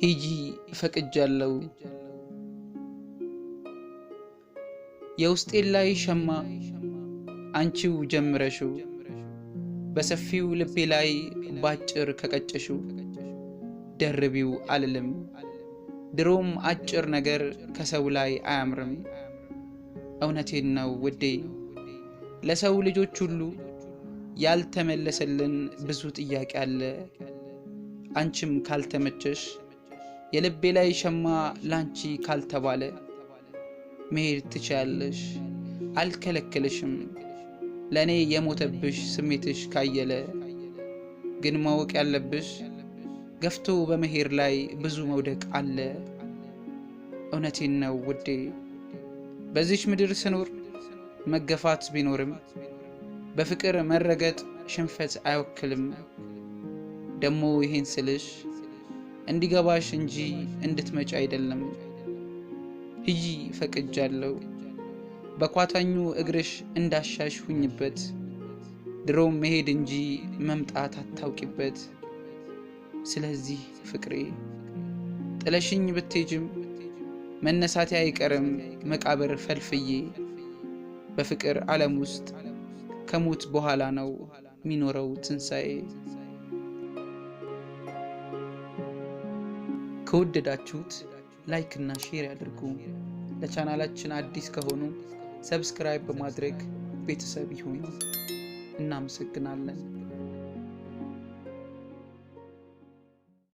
ሂጂ ፈቅጃለው። የውስጤን ላይ ሸማ አንቺው ጀምረሽው በሰፊው ልቤ ላይ ባጭር ከቀጨሽው ደርቢው አልልም ድሮም አጭር ነገር ከሰው ላይ አያምርም። እውነቴን ነው ውዴ ለሰው ልጆች ሁሉ ያልተመለሰልን ብዙ ጥያቄ አለ። አንቺም ካልተመቸሽ የልቤ ላይ ሸማ ላንቺ ካልተባለ መሄድ ትችያለሽ፣ አልከለክልሽም። ለእኔ የሞተብሽ ስሜትሽ ካየለ ግን ማወቅ ያለብሽ ገፍቶ በመሄድ ላይ ብዙ መውደቅ አለ። እውነቴን ነው ውዴ፣ በዚች ምድር ስኖር መገፋት ቢኖርም በፍቅር መረገጥ ሽንፈት አይወክልም። ደሞ ይሄን ስልሽ እንዲገባሽ እንጂ እንድትመጪ አይደለም። ሂጂ ፈቅጃለሁ። በኳታኙ እግርሽ እንዳሻሽ ሁኝበት። ድሮም መሄድ እንጂ መምጣት አታውቂበት። ስለዚህ ፍቅሬ ጥለሽኝ ብትጅም መነሳት አይቀርም መቃብር ፈልፍዬ። በፍቅር ዓለም ውስጥ ከሞት በኋላ ነው የሚኖረው ትንሣኤ። ከወደዳችሁት ላይክ እና ሼር ያድርጉ። ለቻናላችን አዲስ ከሆኑ ሰብስክራይብ በማድረግ ቤተሰብ ይሁኑ። እናመሰግናለን።